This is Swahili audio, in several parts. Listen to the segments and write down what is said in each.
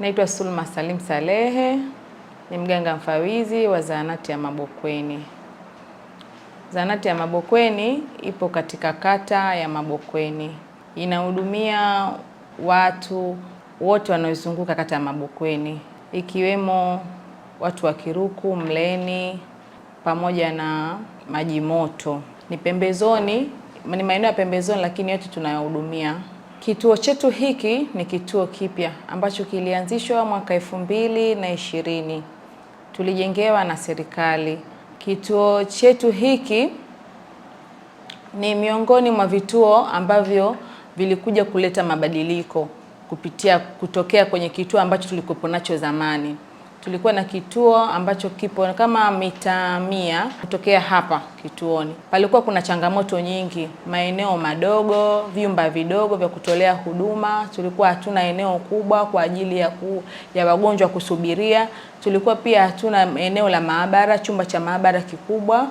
Naitwa Sulma Salim Salehe, ni mganga mfawizi wa zahanati ya Mabokweni. Zahanati ya Mabokweni ipo katika kata ya Mabokweni, inahudumia watu wote wanaozunguka kata ya Mabokweni, ikiwemo watu wa Kiruku, Mleni pamoja na Maji Moto. Ni pembezoni, ni maeneo ya pembezoni, lakini yote tunayahudumia. Kituo chetu hiki ni kituo kipya ambacho kilianzishwa mwaka elfu mbili na ishirini tulijengewa na serikali. Kituo chetu hiki ni miongoni mwa vituo ambavyo vilikuja kuleta mabadiliko kupitia kutokea kwenye kituo ambacho tulikuwa nacho zamani tulikuwa na kituo ambacho kipo kama mita mia kutokea hapa kituoni. Palikuwa kuna changamoto nyingi, maeneo madogo, vyumba vidogo vya kutolea huduma, tulikuwa hatuna eneo kubwa kwa ajili ya, ku, ya wagonjwa kusubiria. Tulikuwa pia hatuna eneo la maabara, chumba cha maabara kikubwa.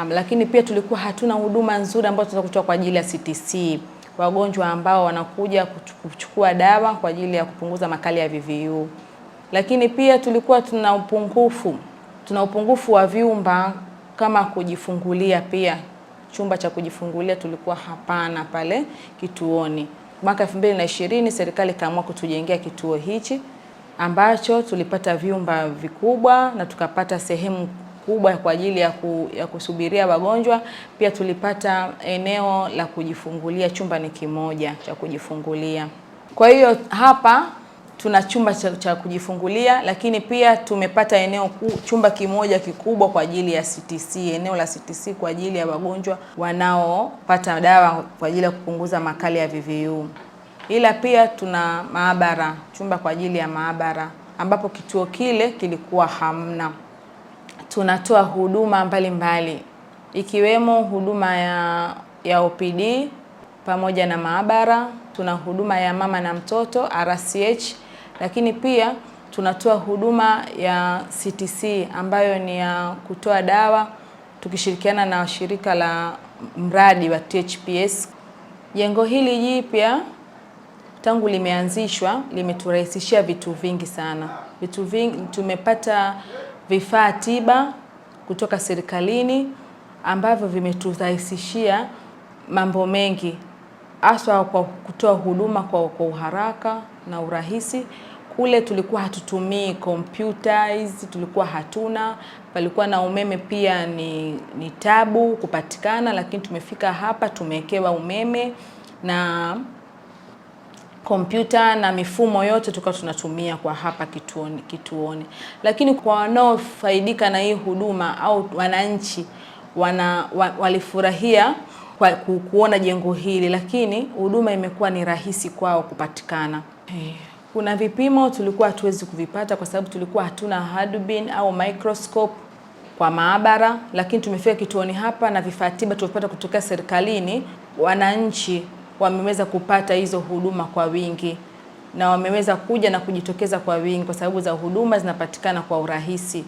Um, lakini pia tulikuwa hatuna huduma nzuri ambayo tunaweza kutoa kwa ajili ya CTC wagonjwa ambao wanakuja kuchukua dawa kwa ajili ya kupunguza makali ya VVU lakini pia tulikuwa tuna upungufu tuna upungufu wa vyumba kama kujifungulia, pia chumba cha kujifungulia tulikuwa hapana pale kituoni. Mwaka 2020 serikali ikaamua kutujengea kituo hichi ambacho tulipata vyumba vikubwa na tukapata sehemu kubwa kwa ajili ya, ku, ya kusubiria wagonjwa. Pia tulipata eneo la kujifungulia, chumba ni kimoja cha kujifungulia. Kwa hiyo hapa tuna chumba cha, cha kujifungulia, lakini pia tumepata eneo ku, chumba kimoja kikubwa kwa ajili ya CTC, eneo la CTC kwa ajili ya wagonjwa wanaopata dawa kwa ajili ya kupunguza makali ya VVU. Ila pia tuna maabara, chumba kwa ajili ya maabara ambapo kituo kile kilikuwa hamna. Tunatoa huduma mbalimbali mbali, ikiwemo huduma ya, ya OPD pamoja na maabara. Tuna huduma ya mama na mtoto RCH lakini pia tunatoa huduma ya CTC ambayo ni ya kutoa dawa tukishirikiana na shirika la mradi wa THPS. Jengo hili jipya tangu limeanzishwa limeturahisishia vitu vingi sana. Vitu vingi tumepata vifaa tiba kutoka serikalini ambavyo vimeturahisishia mambo mengi, haswa kwa kutoa huduma kwa, kwa uharaka na urahisi kule tulikuwa hatutumii computers, tulikuwa hatuna, palikuwa na umeme pia ni, ni tabu kupatikana, lakini tumefika hapa tumewekewa umeme na kompyuta na mifumo yote tukawa tunatumia kwa hapa kituoni, kituoni. Lakini kwa wanaofaidika na hii huduma au wananchi wana, wa, walifurahia kwa kuona jengo hili, lakini huduma imekuwa ni rahisi kwao kupatikana. Eh. Kuna vipimo tulikuwa hatuwezi kuvipata kwa sababu tulikuwa hatuna hadubin au microscope kwa maabara, lakini tumefika kituoni hapa na vifaa tiba tulivyopata kutoka serikalini, wananchi wameweza kupata hizo huduma kwa wingi na wameweza kuja na kujitokeza kwa wingi kwa sababu za huduma zinapatikana kwa urahisi,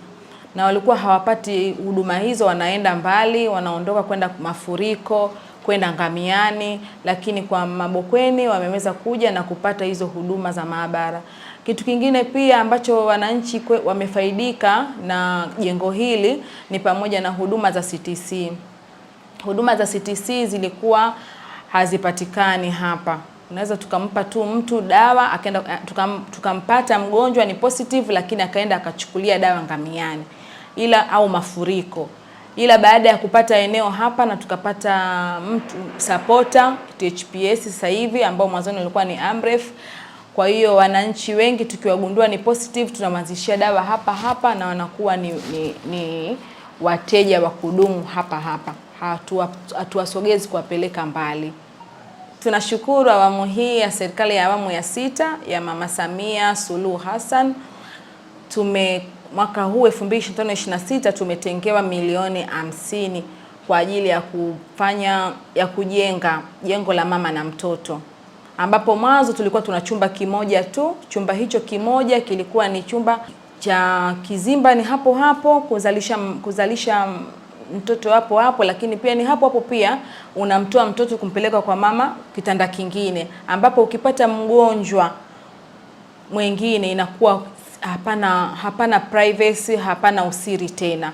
na walikuwa hawapati huduma hizo, wanaenda mbali, wanaondoka kwenda mafuriko kwenda Ngamiani, lakini kwa Mabokweni wameweza kuja na kupata hizo huduma za maabara. Kitu kingine pia ambacho wananchi wamefaidika na jengo hili ni pamoja na huduma za CTC. Huduma za CTC zilikuwa hazipatikani hapa. Unaweza tukampa tu mtu dawa akaenda, tukam, tukampata mgonjwa ni positive, lakini akaenda akachukulia dawa Ngamiani, ila au mafuriko ila baada ya kupata eneo hapa na tukapata mtu supporter THPS sasa hivi ambao mwanzoni ulikuwa ni Amref. Kwa hiyo wananchi wengi tukiwagundua ni positive tunamwanzishia dawa hapa hapa na wanakuwa ni, ni, ni wateja wa kudumu hapa hapa, hatuwasogezi kuwapeleka mbali. Tunashukuru awamu hii ya serikali ya awamu ya sita ya Mama Samia Suluhu Hassan tume mwaka huu 2025 26 tumetengewa milioni hamsini kwa ajili ya kufanya ya kujenga jengo la mama na mtoto, ambapo mwanzo tulikuwa tuna chumba kimoja tu. Chumba hicho kimoja kilikuwa ni chumba cha kizimba, ni hapo hapo kuzalisha kuzalisha mtoto hapo hapo, lakini pia ni hapo hapo pia unamtoa mtoto kumpeleka kwa mama kitanda kingine, ambapo ukipata mgonjwa mwingine inakuwa hapana, hapana privacy, hapana usiri tena.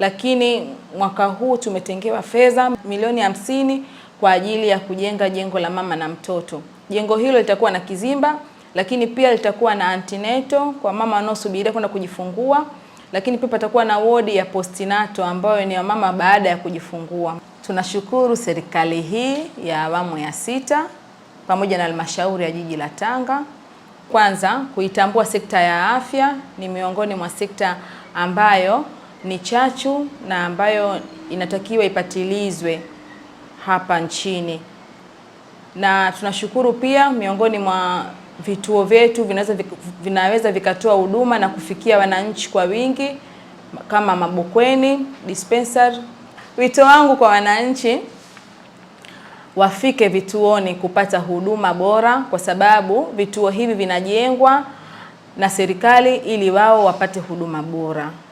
Lakini mwaka huu tumetengewa fedha milioni hamsini kwa ajili ya kujenga jengo la mama na mtoto. Jengo hilo litakuwa na kizimba, lakini pia litakuwa na antenatal kwa mama wanaosubiria kwenda kujifungua, lakini pia patakuwa na wodi ya postinato ambayo ni ya mama baada ya kujifungua. Tunashukuru serikali hii ya awamu ya sita pamoja na halmashauri ya jiji la Tanga kwanza, kuitambua sekta ya afya ni miongoni mwa sekta ambayo ni chachu na ambayo inatakiwa ipatilizwe hapa nchini, na tunashukuru pia miongoni mwa vituo vyetu vinaweza, vinaweza vikatoa huduma na kufikia wananchi kwa wingi kama mabokweni dispensary. Wito wangu kwa wananchi wafike vituoni kupata huduma bora, kwa sababu vituo hivi vinajengwa na serikali ili wao wapate huduma bora.